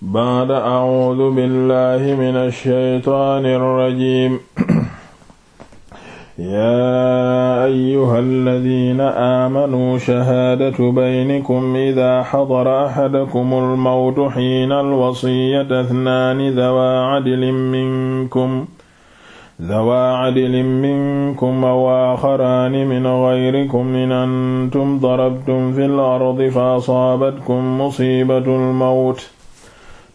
baada acuudu billahi min alshaytaani alrajim yaa ayuha alladina aamanuu shahaadatu baynikum ida xadara axadakum almawtu xiina alwasiyata ithnaani dawaa cadlin minkum dawaa cadlin minkum aw aaxaraani min gayrikum in antum darabtum fi l ardi fa asaabatkum musiibatu almawt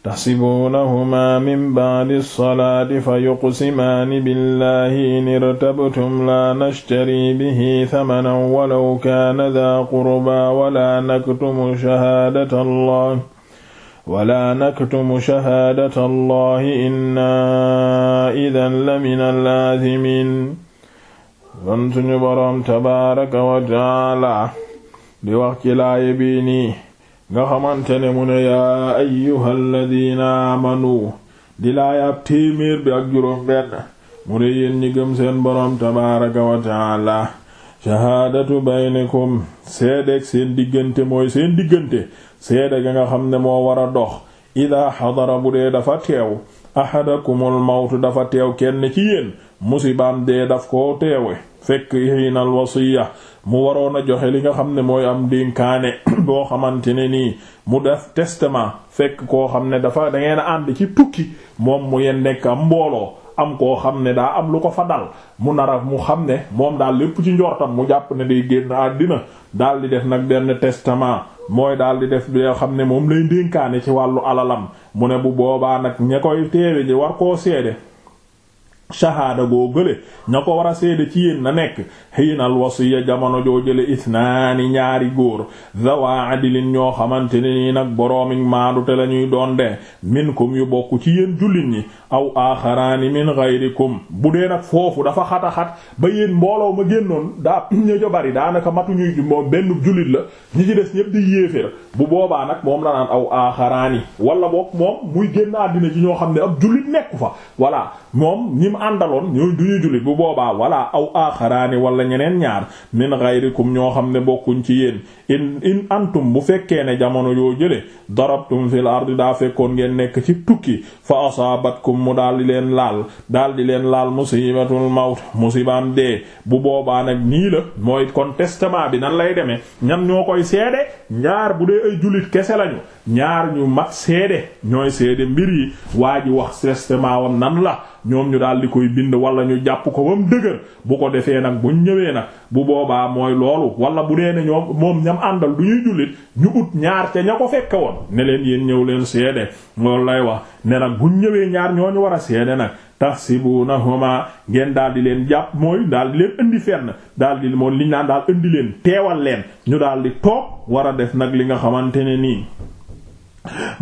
taxsibuunahumaa min bacdi lsalaati fa yuqsimaani billahi in irtabtum laa nashtarii bihi tamanan walaw kaana daa qurbaa walaa naktumu shahaadata allah walaa naktumu shahaadata allahi inna idan la min alaatimiin kon suñu boroom tabaaraka wa taala di wax ci laaye bii nii nga xamante ne mu ne yaa ayyuhal ladina amanu di laayaab téeméer bi ak juróom benn mu ne yéen gëm seen boroom tabaaraka wa taala shahaadatu baynikum seedeeg seen diggante mooy seen diggante seede ga nga xam ne moo war a dox ida xadara bu dee dafa teew ahadakumul mawtu dafa teew kenn ci yéen musibaam dee daf koo teewe fekk hiinal wasiya mu waroon a joxe li nga xam ne mooy am dénkaane boo xamante ne nii mu def testament fekk koo xam ne dafa da ngeen a ànd ci tukki moom mu yeen nekk am mbooloo am koo xam ne daa am lu ko fa dal mu nara mu xam ne moom daal lépp ci njortam mu jàpp ne day génn àddina daal di def nag benn testament mooy daal di def yoo xam ne moom lay dénkaane ci wàllu alalam mu ne bu boobaa nag ña koy teewe ji war koo seede shahaada goo gële ña ko war a seede ci yéen na nekk xiina alwasiya jamono joo jële isnaani ñaari góor zawa adilin ñoo xamante ne nii nag boroomi maadute la ñuy doon de minkum yu bokk ci yéen jullit ñi aw aaxaraani min gayrikum bu dee nag foofu dafa xataxat ba yéen mbooloo ma génnoon daa ña ca bari daanaka matuñuy moom benn jullit la ñi ci des ñëpp di yéeféer bu boobaa nag moom la naan aw aaxaraani wala boog moom muy génn àddina ci ñoo xam ne ab jullit nekku fa voilà moom ñim mu àndaloon ñooy du ñu jullit bu boobaa wala aw aaxaraani wala ñeneen ñaar min ghayrikum ñoo xam ne bokkuñ ci yéen in in antum bu fekkee ne jamono yoo jële darabtum fil ardi daa fekkoon ngeen nekk ci tukki fa asaabatkum mu daal di leen laal daal di leen laal musibatul mawt musibaam dee bu boobaa nag nii la mooy kon testament bi nan lay demee ñan ñoo koy seede ñaar bu dee ay jullit kese lañu ñaar ñu mag seede ñooy seede mbir yi waa ji wax testament nan la ñoom ñu daal koy bind wala ñu jàpp ko ba mu dëgër bu ko defee nag bu ñëwee nag bu boobaa mooy loolu wala bu dee ne ñoom moom ñam àndal du ñuy jullit ñu ñaar ca ña ko fekke woon ne leen yéen ñëw leen seede loolu lay wax ne nag bu ñëwee ñaar ñoo ñu war a seede nag tahsibunahuma ngeen daal di leen jàpp mooy daal di leen indi fenn daal di moom liñ naan daal indi leen teewal leen ñu daal di toog war a def nag li nga xamante ne nii.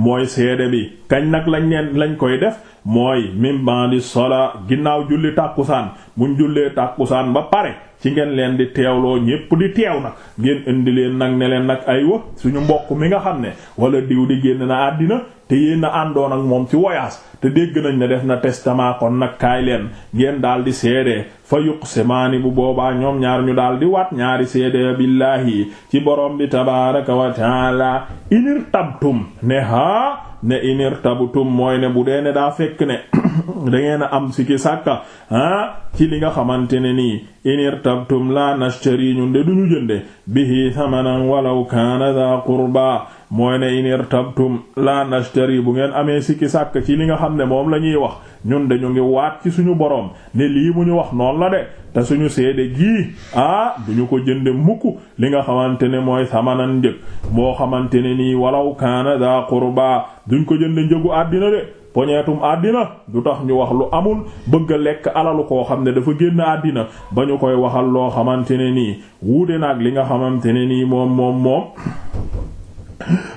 mooy seede bi kañ nag lañ leen lañ koy def mooy mimban di sola ginnaaw julli tàkkusaan buñ jullee tàkkusaan ba pare ci ngeen leen di teewloo ñépp di teew nag ngeen indi leen nag ne leen nag aywa suñu mbokk mi nga xam ne wala diw di génn na àddina te yéen a àndoon ak moom ci voyage te dégg nañ ne def na testament kon nag kaay leen ngeen daal di seede fa yuqsimaani bu boobaa ñoom ñaar ñu daal di waat ñaari seede billaahi ci borom bi tabaaraka wa taala inir tabtum ne haa ne inir tabutum mooy ne bu dee ne daa fekk ne da ngeen a am si ki sàkka ah ci li nga xamante ne nii inir tabtum la nashtari ñun de duñu jënde bihi thamanan walaw kana dha qurba mooy ne inir tabtum la nashtari bu ngeen amee sikki sàkk ci li nga xam ne moom la ñuy wax ñun dañu ngi waat ci suñu boroom ne lii mu ñu wax noonu la de te suñu seede gii ah duñu ko jënde mukk li nga xamante ne mooy samanan njëg boo xamante ne nii walaw kaana daa qurbaa duñ ko jënd njëgu àddina de poñeetum àddina du tax ñu wax lu amul bëgg a lekk alalu koo xam ne dafa génn àddina ba ñu koy waxal loo xamante ne nii wuute na li nga xamante ne nii moom moom moom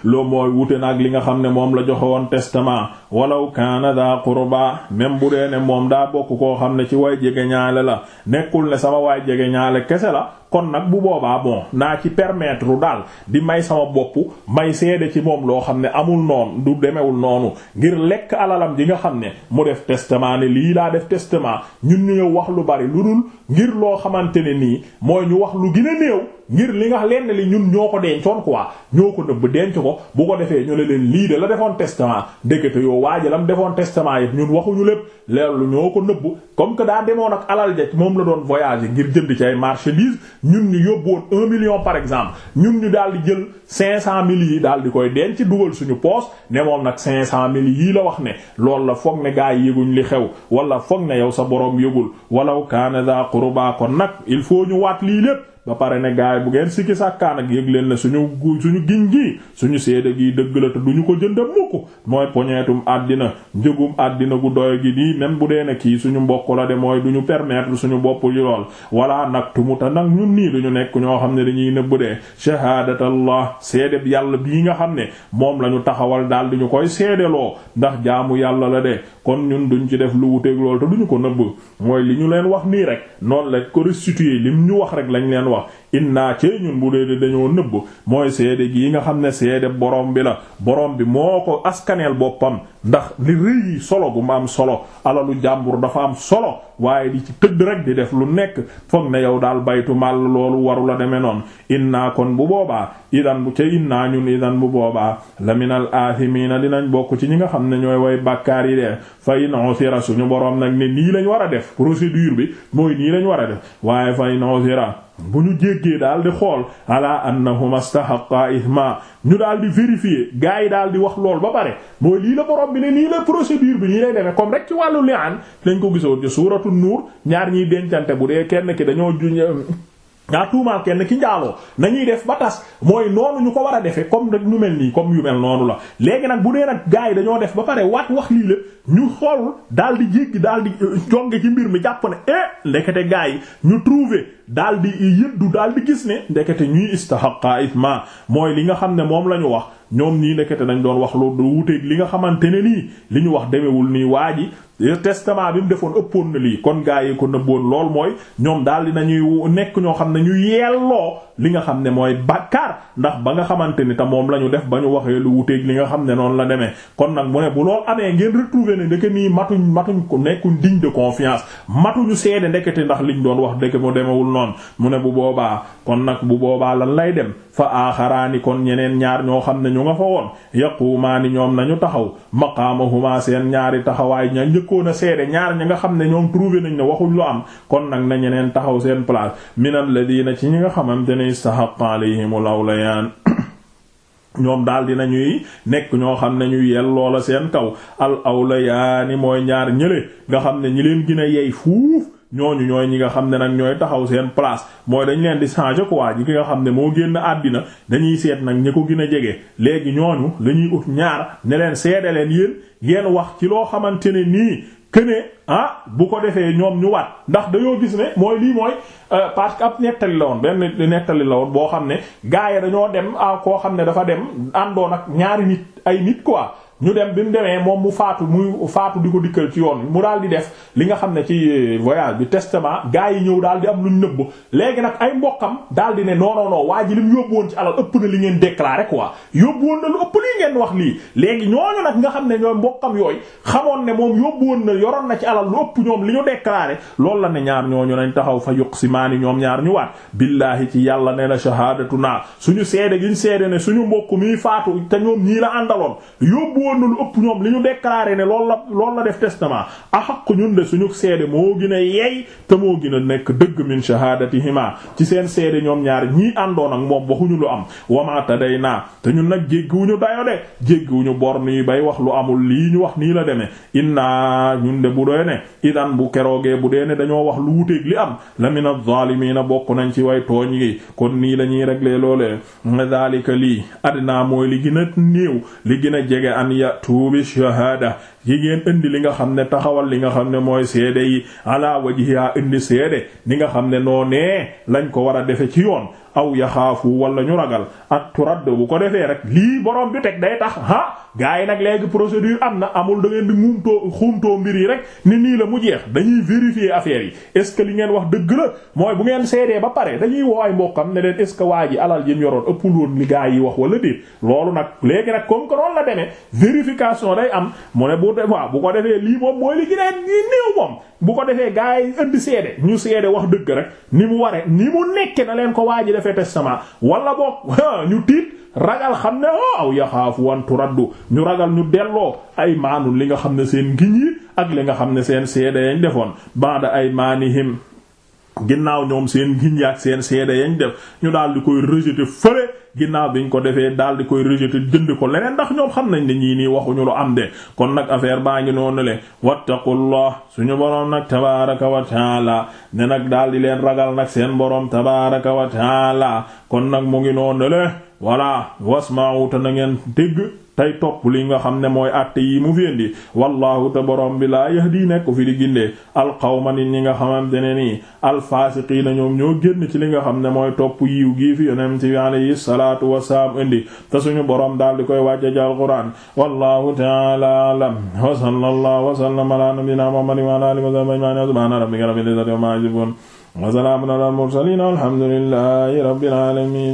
loo mooy wute nag li nga xam ne moom la joxe woon testament walaw kaana daa qurba même bu dee ne moom daa bokk koo xam ne ci way jege ñaale la nekkul ne sama way jege ñaale kese la kon nag bu boobaa bon naa ci permettre daal di may sama bopp may seede ci moom loo xam ne amul noonu du demewul noonu ngir lekk alalam ji nga xam ne mu def testament ne lii laa def testament ñun ñu wax lu bari lu dul ngir loo xamante ne nii mooy ñu wax lu gën a néew ngir li nga lenn li ñun ñoo ko dencoon quoi ñoo ko nëbb denc ko bu ko defee ñu ne leen lii de la defoon testament ndekete yoo waaja lam defoon testament yëpp ñun waxuñu lépp leerlu ñoo ko nëbb comme que daa demoon ak alal ja moom la doon yi ngir jënd ci ay marchandises ñun ñu yóbboon un million par exemple ñun ñu daal di jël cinq cent mille yi daal di koy denc dugal suñu poos ne moom nag cinq cent mille yii la wax ne loolu la foog ne gaa yi li xew wala foog ne yow sa borom yëgul walaw kaana daa qurba kon nag il faut ñu lii lépp ba pare ne gaay bu ngeen sikki sàkkaan ak yëg leen ne suñu suñu giñ gi suñu seede gi dëgg la te duñu ko jënd mukk mooy poñeetum àddina njëgum àddina gu doy gi di même bu dee ne kii suñu mbokk la de mooy duñu permettre suñu bopp yi lool wala nag tumuta nag ñun nii duñu nekk ñoo xam ne dañuy nëbb de shahadatallah seede bi yàlla bii nga xam ne moom lañu taxawal daal duñu koy seede loo ndax jaamu yàlla la de kon ñun duñu ci def lu wuteeg lool te duñu ko nëbb mooy li ñu leen wax nii rek noonu lañ ko ñu wax rek lañ leen wax inna cey ñun bu dee dañoo nëbb mooy seede gii nga xam ne seede boroom bi la boroom bi moo ko askaneel boppam ndax li rëy solo gu ma am solo alalu jàmbur dafa am solo waaye di ci tëdd rek di def lu nekk foog ne yow daal baytu mal loolu waru la noon noonu inna kon bu boobaa idan bu ca inna ñun idan bu boobaa laminal athimina dinañ bokk ci ñi nga xam ne ñooy way bàkkaar yi de fa in suñu boroom nag ne nii lañ war a def procédure bi mooy nii lañ war a def ëllëgee daal di xool yi daal di wax lool ba pare mooy lii la bi ne nii la procédure bi ñii lay demee comme rek ci wàllu li'aan lañ ko gisoon ci ki dañoo ngaa euh, tuumaal kenn ki njaaloo nañuy def ba tas mooy noonu ñu ko war a defee comme rek ñu mel nii comme yu mel noonu la léegi nag bu dee nag gars yi dañoo def ba pare waat wax lii la ñu xool daal di jéggi daal di euh, jonge ci mbir mi jàpp ne eh ndekete gars yi ñu trouver daal di yëddu daal di gis ne ndekete ñuy istahaqqa ithma mooy li nga xam ne moom la ñu wax ñoom nii ndekete dañ doon wax lu wuteeg li nga xamante ne nii li ñu wax demewul nii waa ji testament bi mu defoon ëppoon na lii kon gaa yi ko nëbboon lool mooy ñoom daal di nañuy nekk ñoo xam ne ñu yelloo li nga xam ne mooy bàkkaar ndax ba nga xamante ni te la ñu def ba ñu waxee lu wuteeg li nga xam ne noonu la demee kon nag mu ne bu lool ko nekkuñ digne de confiance matuñu seede ndekete ndax liñ doon wax ndeke mu demewul noonu mu ne bu boobaa kon nag bu boobaa lan lay dem fa aaxaraani kon ñeneen ñaar ñoo xam ne ñu nga fa woon yaquumaani ñoom nañu taxaw maqaamahuma seen ñaari taxawaay ña njëkkoon a seede ñaar ñi nga xam ne ñoom trouvé nañ ne waxuñ lu am kon nag na ñeneen taxaw seen place minal ladina ci ñi nga xamante ne ñoom daal dina ñuy nekk ñoo xam nañu ñu yel seen kaw al awlayaani mooy ñaar ñële nga xam ne ñi leen gën yey fuuf ñooñu ñooy ñi nga xam ne nag ñooy taxaw seen place mooy dañ leen di changer quoi ñi nga xam ne moo génn àddina dañuy seet nag ñi ko gën a jege léegi ñooñu la ut ñaar ne leen seede leen yéen wax ci loo xamante ne nii këne ah bu ko defee ñoom ñu waat ndax dañoo gis ne mooy lii mooy euh, parce que ab nettali la woon benn nettali la woon boo xam ne gaay dañoo dem a ah, koo xam ne dafa dem àndoon ak ñaari nit ay nit quoi ñu dem bi mu demee moom mu faatu muy faatu di ko dikkal ci yoon mu daal di def li nga xam ne ci euh, voyage bi testament gars yi ñëw daal di am luñ nëbb léegi nag ay mbokkam daal di ne non non non waa ji lim yóbbu woon ci alal ëpp na li ngeen déclaré quoi yóbbu woon na lu ëpp lii ngeen wax lii léegi ñooñu nag nga xam ne ñooy mbokkam yooy xamoon ne moom yóbbu woon na yoroon na ci alal lu ëpp ñoom li ñu déclaré loolu la ne ñaar ñooñu nañ taxaw fa yuqsimaani ñoom ñaar ñu waat billahi ci yàlla ne la shahadatuna suñu seede giñ seede ne suñu mbokk mi faatu te ñoom ñii la woon lu ëpp ñoom li ñu déclaré ne loolu la loolu la def testament ahaq ñun de suñu seede moo gën a yey te moo gën a nekk dëgg min shahadatihima ci seen seede ñoom ñaar ñii àndoon ak moom waxuñu lu am wamaata day naa te ñun nag jéggiwuñu dayo de jéggiwuñu born yi bay wax lu amul lii ñu wax nii la demee inna ñun de bu doy ne idan bu keroogee bu dee ne dañoo wax lu wuteeg li am la min az-zaalimiina bokk nañ ci way tooñ yi kon nii la ñuy régler loolee dalika lii adna mooy li gën a néew a ya'tu bi shahaada jigéen indi li nga xam ne taxawal li nga xam ne mooy seede yi ala wajhiha indi seede ni nga xam ne noonee lañ ko war a defe ci yoon aw yaxaafu wala ñu ragal ak turad bu ko defee rek lii boroom bi teg day tax ah gars yi nag léegi procédure am na amul da ngeen di mumtoo xumtoo mbir yi rek ni nii la mu jeex dañuy vérifier affaire yi est ce que li ngeen wax dëgg la mooy bu ngeen seedee ba pare dañuy woo ay mbokkam ne leen est ce que waa ji alal jëm yoroon ëppul woon li gars yi wala déet loolu nag léegi nag bu bu ko defee lii moom mooy li gineen ñi néew moom bu ko defee gaa yi indi seede ñu seede wax dëgg rek ni mu waree ni mu nekke na leen ko waa ji defee testament wala boog ah, ñu tiit ragal xam ne oh, aw yaxaafu wan turaddu ñu ragal ñu delloo ay maanul li nga xam ne seen ngiñ yi ak li nga xam ne seen seede yañ defoon banda ay maanihim ginnaaw ñoom seen ngiñ ak seen seede yañ def ñu daal di koy rejeter fële ginnaaw biñ ko defee daal di koy rejeter jënd ko leneen ndax ñoom xam nañ ne ñii nii waxuñu lu am de kon nag affaire baa ngi noonu le wattaqullah suñu boroom nag tabaraka wa taala ne nag daal di leen ragal nag seen boroom tabaraka wa taala kon nag mu ngi noonu le voilà wasma'u ta na ngeen dégg tey topp li nga xam ne mooy àtte yi mu féndi wallahu te borom bi laa yahdi nekk fi di gindee alqawma nit ñi nga xamante ne nii alfaasiqiina ñoom ñoo génn ci li nga xam ne mooy topp yiw gii fi yonent bi alayhi salaatu wasalaam indi te suñu borom daal di koy wàcce alquraan wallahu ta'ala a'lam wa sallallahu wa sallama ala nabiyyina muhammadin wa ala alihi wa sahbihi subhana rabbika rabbil izzati amma yasifun wa salamun ala al mursalin alamin